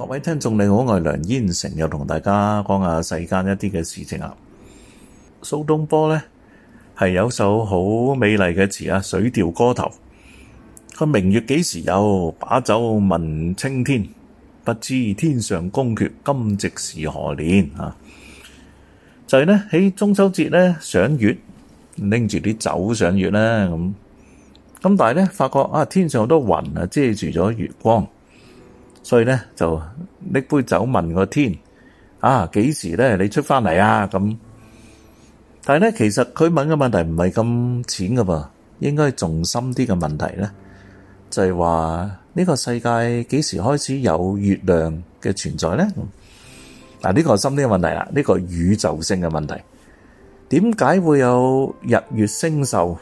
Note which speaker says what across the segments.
Speaker 1: 各位聽眾，你好，我係梁燕城，又同大家講下世間一啲嘅事情啊。蘇東坡咧係有首好美麗嘅詞啊，《水調歌頭》。佢明月幾時有，把酒問青天，不知天上宮闕，今夕是何年啊？就係咧喺中秋節咧賞月，拎住啲酒賞月啦咁。咁但係咧發覺啊，天上好多雲啊，遮住咗月光。所以咧就拎杯酒問個天，啊幾時咧你出翻嚟啊咁？但係咧其實佢問嘅問題唔係咁淺噶噃，應該重深啲嘅問題咧，就係話呢個世界幾時開始有月亮嘅存在咧？嗱呢個係深啲嘅問題啦，呢個宇宙性嘅問題，點解會有日月星宿？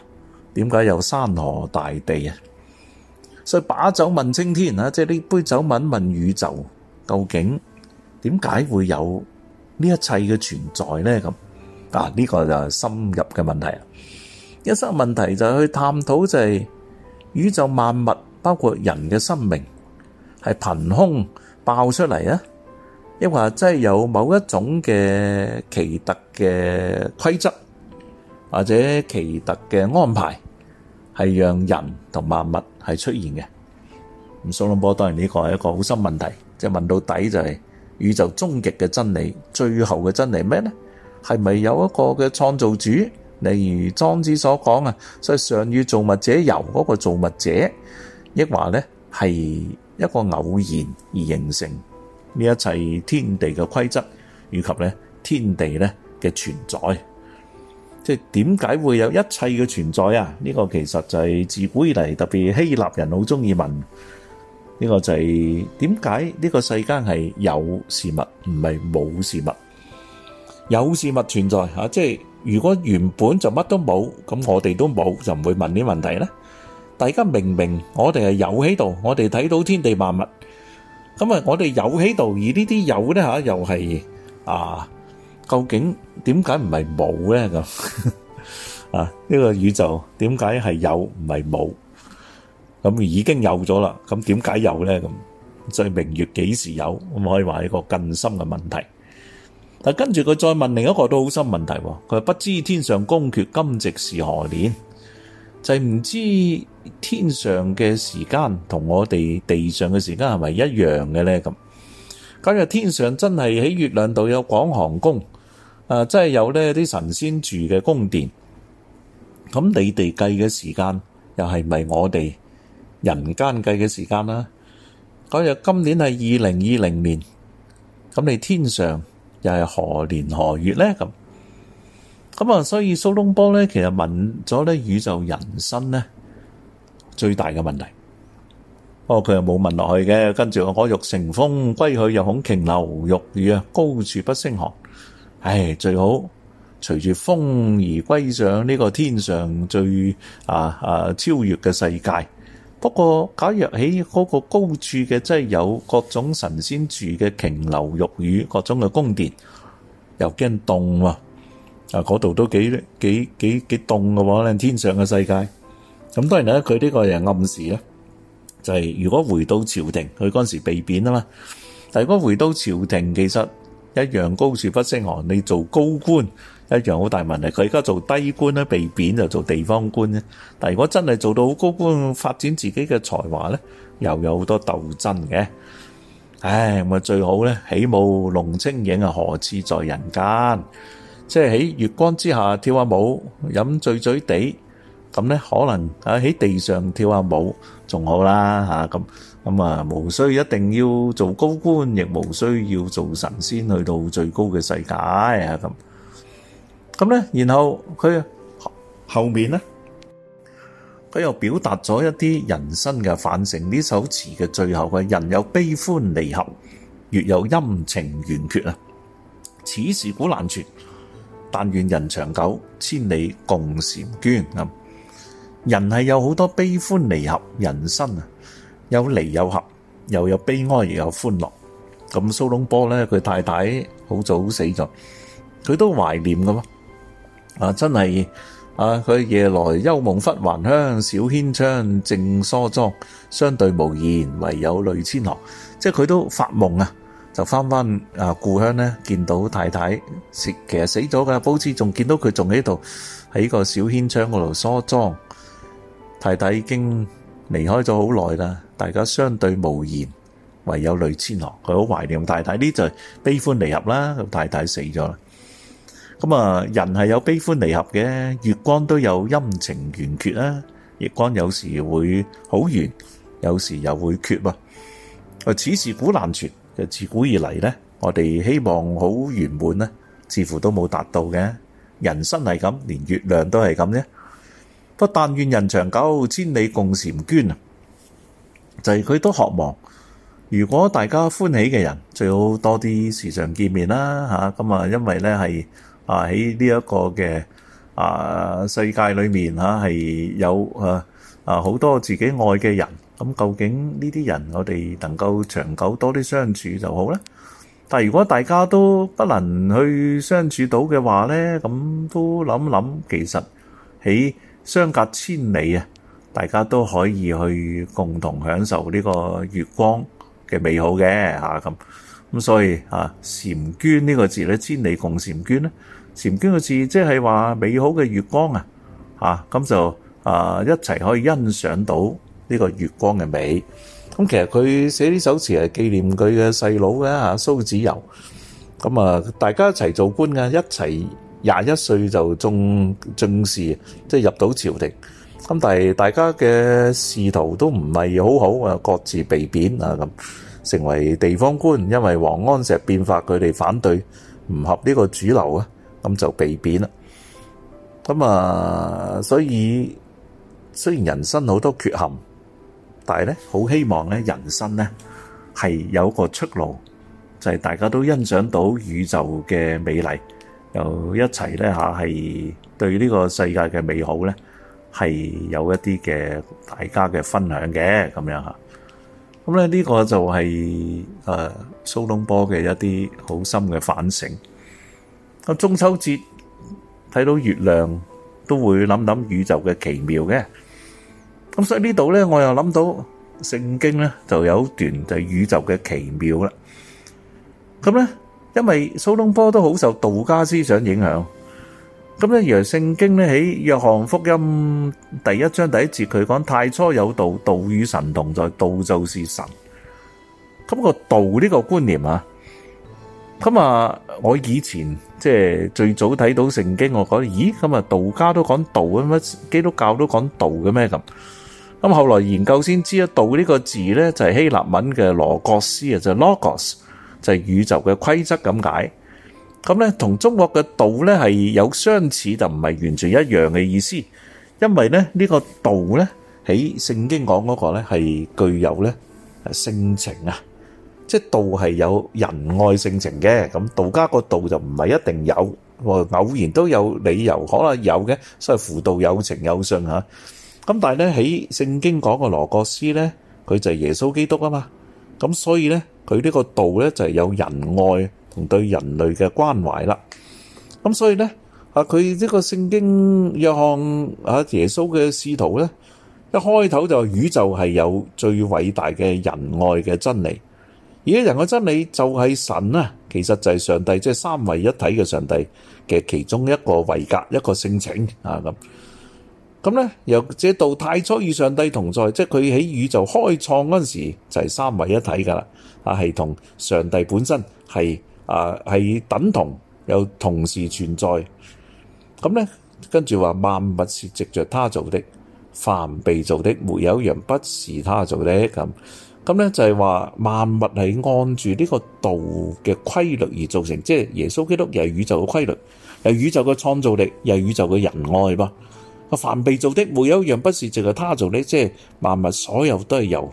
Speaker 1: 點解有山河大地啊？所以把酒問青天啊，即係呢杯酒問問宇宙究竟點解會有呢一切嘅存在咧？咁啊，呢、呢個就係深入嘅問題。一生問題就係去探討就係宇宙萬物，包括人嘅生命，係憑空爆出嚟啊，抑或真係有某一種嘅奇特嘅規則，或者奇特嘅安排。係讓人同萬物係出現嘅。咁蘇東坡當然呢個係一個好深問題，即係問到底就係宇宙終極嘅真理、最後嘅真理咩咧？係咪有一個嘅創造主？例如莊子所講啊，所以上與造物者由嗰個造物者，抑或咧係一個偶然而形成呢一切天地嘅規則，以及咧天地咧嘅存在。即係點解會有一切嘅存在啊？呢個其實就係自古以嚟，特別希臘人好中意問呢個就係點解呢個世間係有事物，唔係冇事物。有事物存在吓，即係如果原本就乜都冇，咁我哋都冇，就唔會問呢問題咧。大家明唔明？我哋係有喺度，我哋睇到天地萬物。咁啊，我哋有喺度，而呢啲有咧吓，又係啊。究竟點解唔係冇咧咁？啊，呢個宇宙點解係有唔係冇？咁已經有咗啦，咁點解有咧咁？所以明月幾時有？可以話係一個更深嘅問題。但跟住佢再問另一個都好深問題，佢話不知天上宮闕，今夕是何年？就係唔知天上嘅時間同我哋地上嘅時間係咪一樣嘅咧咁？假如天上真係喺月亮度有廣寒宮？啊！即係有呢啲神仙住嘅宮殿，咁你哋計嘅時間又係咪我哋人間計嘅時間啦？嗰日今年係二零二零年，咁你天上又係何年何月咧？咁咁啊，所以蘇東坡咧，其實問咗咧宇宙人生咧最大嘅問題，哦，佢又冇問落去嘅。跟住我欲乘風歸去，又恐瓊樓玉宇啊，高處不勝寒。唉，最好隨住風而歸上呢個天上最啊啊超越嘅世界。不過，假若喺嗰個高處嘅，即係有各種神仙住嘅瓊樓玉宇，各種嘅宮殿，又驚凍喎。啊，嗰度，都幾幾幾幾凍嘅喎。呢天上嘅世界，咁當然咧，佢呢個又暗示咧，就係如果回到朝廷。佢嗰時被貶啊嘛。但如果回到朝廷，其實。一樣高處不勝寒，你做高官一樣好大問題。佢而家做低官咧，被貶就做地方官咧。但係如果真係做到好高官，發展自己嘅才華咧，又有好多鬥爭嘅。唉，咪最好咧，起舞弄清影啊，何似在人間？即係喺月光之下跳下舞，飲醉醉地，咁咧可能啊喺地上跳下舞仲好啦嚇咁。咁啊，無需一定要做高官，亦無需要做神仙去到最高嘅世界啊！咁，咁咧，然後佢後面咧，佢又表達咗一啲人生嘅反省。呢首詞嘅最後嘅人有悲歡離合，月有陰晴圓缺啊！此事古難全，但願人長久，千里共嬋娟。咁，人係有好多悲歡離合，人生啊！有離有合，又有悲哀，又有歡樂。咁蘇東坡呢，佢太太好早死咗，佢都懷念噶嘛。啊，真係啊，佢夜來幽夢忽還鄉，小軒窗正梳妝，相對無言，唯有淚千行。即係佢都發夢啊，就翻翻啊故鄉呢，見到太太死，其實死咗噶，好似仲見到佢仲喺度喺個小軒窗嗰度梳妝。太太已經離開咗好耐啦。大家相對無言，唯有淚千行。佢好懷念太太，呢就悲歡離合啦。咁太太死咗啦。咁啊，人係有悲歡離合嘅，月光都有陰晴圓缺啦。月光有時會好圓，有時又會缺噃。啊，此事古難全。就自古以嚟咧，我哋希望好圓滿咧，似乎都冇達到嘅。人生係咁，連月亮都係咁啫。不，但願人長久，千里共嬋娟啊！就係佢都渴望，如果大家歡喜嘅人，最好多啲時常見面啦嚇。咁啊，因為咧係啊喺呢一個嘅啊世界裏面嚇，係有啊啊好多自己愛嘅人。咁究竟呢啲人我哋能夠長久多啲相處就好啦。但係如果大家都不能去相處到嘅話咧，咁都諗諗，其實喺相隔千里啊～大家都可以去共同享受呢個月光嘅美好嘅嚇咁咁，所以啊，嬋娟呢個字咧，千里共嬋娟咧，嬋娟個字即係話美好嘅月光啊嚇，咁、啊、就啊一齊可以欣賞到呢個月光嘅美。咁、嗯、其實佢寫呢首詞係紀念佢嘅細佬嘅嚇，蘇子由。咁、嗯、啊，大家一齊做官嘅，一齊廿一歲就中進士，即係入到朝廷。咁但係大家嘅仕途都唔係好好啊，各自被貶啊，咁成為地方官。因為王安石變法，佢哋反對，唔合呢個主流啊，咁就被貶啦。咁啊，所以雖然人生好多缺陷，但係咧好希望咧，人生咧係有個出路，就係大家都欣賞到宇宙嘅美麗，又一齊咧嚇係對呢個世界嘅美好咧。係有一啲嘅大家嘅分享嘅咁樣吓，咁咧呢個就係誒蘇東坡嘅一啲好深嘅反省。咁中秋節睇到月亮，都會諗諗宇宙嘅奇妙嘅。咁、嗯、所以呢度咧，我又諗到聖經咧就有一段就係宇宙嘅奇妙啦。咁、嗯、咧，因為蘇東坡都好受道家思想影響。咁咧，而《聖經》咧喺《約翰福音》第一章第一節，佢講太初有道，道與神同在，道就是神。咁個道呢個觀念啊，咁啊，我以前即係最早睇到《聖經》我，我覺得咦，咁啊，道家都講道嘅咩？基督教都講道嘅咩咁？咁後來研究先知道，道呢個字咧就係希臘文嘅羅各斯啊，就 logos，就宇宙嘅規則咁解。咁咧，同中國嘅道咧係有相似，但唔係完全一樣嘅意思。因為咧呢個道咧喺聖經講嗰個咧係具有咧性情啊，即係道係有仁愛性情嘅。咁道家個道就唔係一定有，偶然都有理由，可能有嘅，所以夫道有情有信吓。咁但係咧喺聖經講個羅各斯咧，佢就係耶穌基督啊嘛。咁所以咧佢呢個道咧就係有仁愛對人類嘅關懷啦，咁所以呢，啊，佢呢個聖經約翰啊耶穌嘅使徒呢，一開頭就宇宙係有最偉大嘅仁愛嘅真理，而啲人嘅真理就係神啊，其實就係上帝，即、就、係、是、三位一體嘅上帝嘅其中一個位格，一個性情啊咁。咁咧、嗯、由這道太初與上帝同在，即係佢喺宇宙開創嗰陣時就係、是、三位一體噶啦，啊係同上帝本身係。啊，係、uh, 等同又同時存在，咁咧跟住話萬物是藉著他做的，凡被做的沒有一樣不是他做的，咁咁咧就係、是、話萬物係按住呢個道嘅規律而造成，即係耶穌基督又係宇宙嘅規律，又係宇宙嘅創造力，又係宇宙嘅仁愛噉。凡被做的沒有一樣不是藉著他做的，即係萬物所有都係由。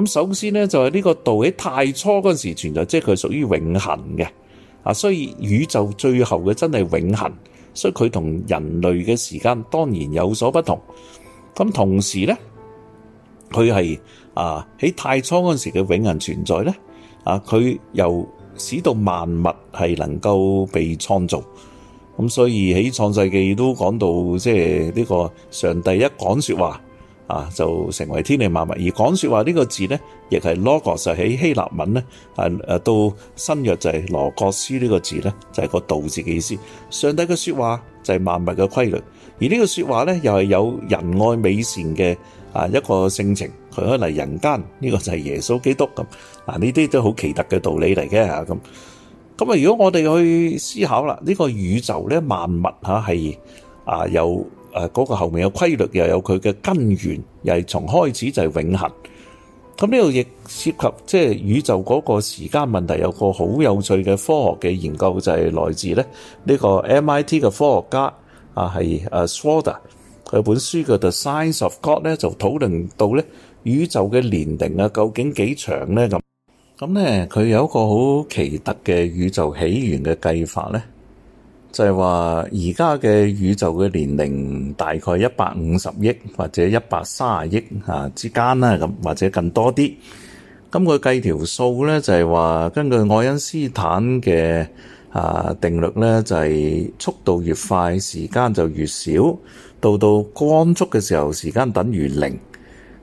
Speaker 1: 咁首先咧，就係呢個道喺太初嗰時存在，即係佢屬於永恒嘅。啊，所以宇宙最後嘅真係永恒，所以佢同人類嘅時間當然有所不同。咁同時咧，佢係啊喺太初嗰時嘅永恒存在咧，啊佢由始到萬物係能夠被創造。咁所以喺創世記都講到，即係呢個上帝一講說話。啊，就成為天地萬物。而講說話呢個字咧，亦係 Logos 就喺希臘文咧，誒誒，到新約就係羅各斯呢個字咧，就係個道字嘅意思。上帝嘅說話就係萬物嘅規律。而呢個說話咧，又係有仁愛美善嘅啊一個性情。佢可能係人間呢個就係耶穌基督咁。嗱，呢啲都好奇特嘅道理嚟嘅吓咁。咁啊，如果我哋去思考啦，呢個宇宙咧萬物吓係啊有。誒，嗰、啊那個後面有規律，又有佢嘅根源，又係從開始就係永恒。咁呢度亦涉及即係宇宙嗰個時間問題，有個好有趣嘅科學嘅研究就係、是、來自咧呢、這個 MIT 嘅科學家啊，係誒 Schroeder 佢本書叫做《The Science of God》咧，就討論到咧宇宙嘅年齡啊，究竟幾長咧咁？咁咧佢有一個好奇特嘅宇宙起源嘅計法咧。就係話而家嘅宇宙嘅年齡大概一百五十億或者一百卅億啊之間啦，咁或者更多啲。咁佢計條數咧就係話，根據愛因斯坦嘅啊定律咧，就係速度越快，時間就越少，到到光速嘅時候，時間等於零。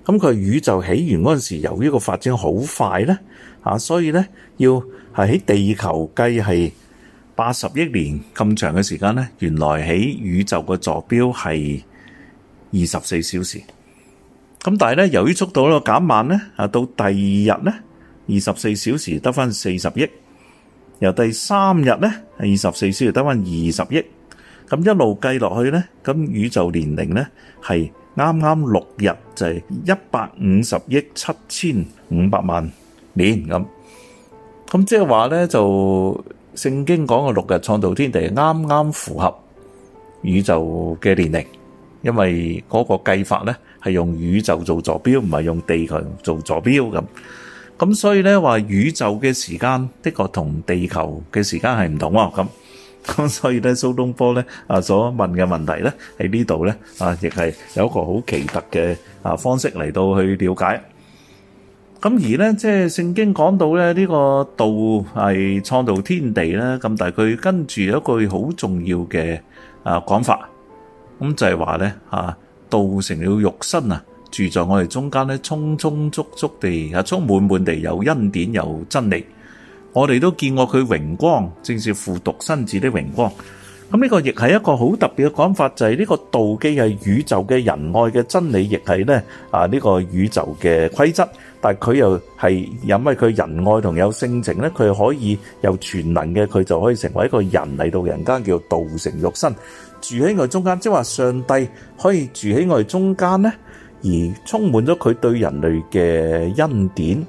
Speaker 1: 咁，嗯，佢宇宙起源嗰陣時，由於個發展好快咧，啊，所以咧要係喺地球計係。八十億年咁長嘅時間咧，原來喺宇宙嘅座標係二十四小時。咁但係咧，由於速度咧減慢咧，啊到第二日咧，二十四小時得返四十億；由第三日咧，二十四小時得返二十億。咁一路計落去咧，咁宇宙年齡咧係啱啱六日就係一百五十億七千五百萬年咁。咁即係話咧就。聖經講嘅六日創造天地，啱啱符合宇宙嘅年齡，因為嗰個計法咧係用宇宙做座標，唔係用地球做座標咁。咁所以咧話宇宙嘅時間的確同地球嘅時間係唔同啊。咁咁所以咧蘇東坡咧啊所問嘅問題咧喺呢度咧啊，亦係有一個好奇特嘅啊方式嚟到去了解。咁而咧，即係聖經講到咧呢，這個道係創造天地咧，咁但係佢跟住有一句好重要嘅，啊講法，咁就係話咧啊，道成了肉身啊，住在我哋中間咧，充充足足地啊，充滿滿地有恩典有真理，我哋都見過佢榮光，正是父獨生子的榮光。咁呢個亦係一個好特別嘅講法，就係呢個道既係宇宙嘅仁愛嘅真理，亦係咧啊呢個宇宙嘅規則。但係佢又係因為佢仁愛同有性情咧，佢可以有全能嘅，佢就可以成為一個人嚟到人間，叫道成肉身，住喺我哋中間。即係話上帝可以住喺我哋中間咧，而充滿咗佢對人類嘅恩典，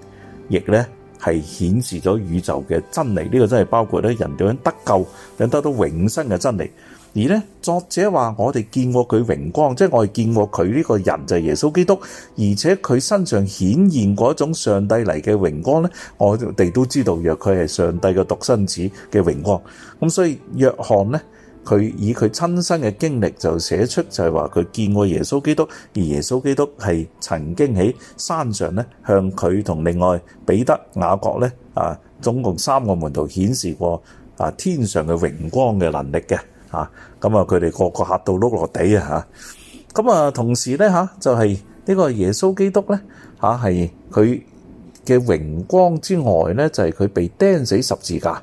Speaker 1: 亦咧，係顯示咗宇宙嘅真理，呢、這個真係包括咧人點樣得救，點得到永生嘅真理。而咧作者話：我哋見過佢榮光，即係我哋見過佢呢個人就係耶穌基督，而且佢身上顯現過一種上帝嚟嘅榮光咧，我哋都知道若佢係上帝嘅獨生子嘅榮光。咁所以約翰咧。佢以佢親身嘅經歷就寫出，就係話佢見過耶穌基督，而耶穌基督係曾經喺山上咧向佢同另外彼得雅各咧啊，總共三個門徒顯示過啊天上嘅榮光嘅能力嘅啊。咁啊佢哋個個嚇到碌落地啊，嚇咁，啊同時咧嚇，就係、是、呢個耶穌基督咧嚇，係佢嘅榮光之外咧就係、是、佢被釘死十字架。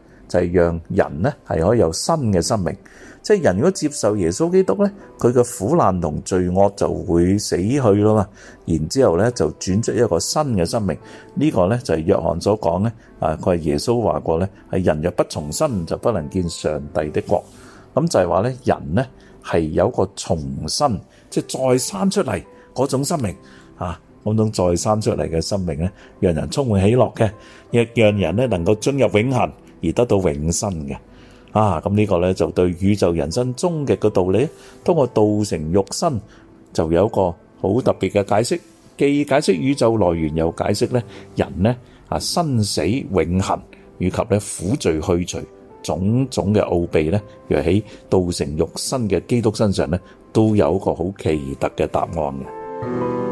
Speaker 1: 就係讓人咧係可以有新嘅生命，即係人如果接受耶穌基督咧，佢嘅苦難同罪惡就會死去啦嘛。然之後咧就轉出一個新嘅生命，這個、呢個咧就係、是、約翰所講咧啊，佢係耶穌話過咧，係人若不重生就不能見上帝的國。咁就係話咧人咧係有一個重生，即、就、係、是、再生出嚟嗰種生命啊，嗰種再生出嚟嘅生命咧，讓人充滿喜樂嘅，亦讓人咧能夠進入永恆。而得到永生嘅啊，咁呢個咧就對宇宙人生終極嘅道理，通過道成肉身就有一個好特別嘅解釋，既解釋宇宙來源，又解釋咧人咧啊生死永恆，以及咧苦罪去除種種嘅奧秘咧，若喺道成肉身嘅基督身上咧，都有一個好奇特嘅答案嘅。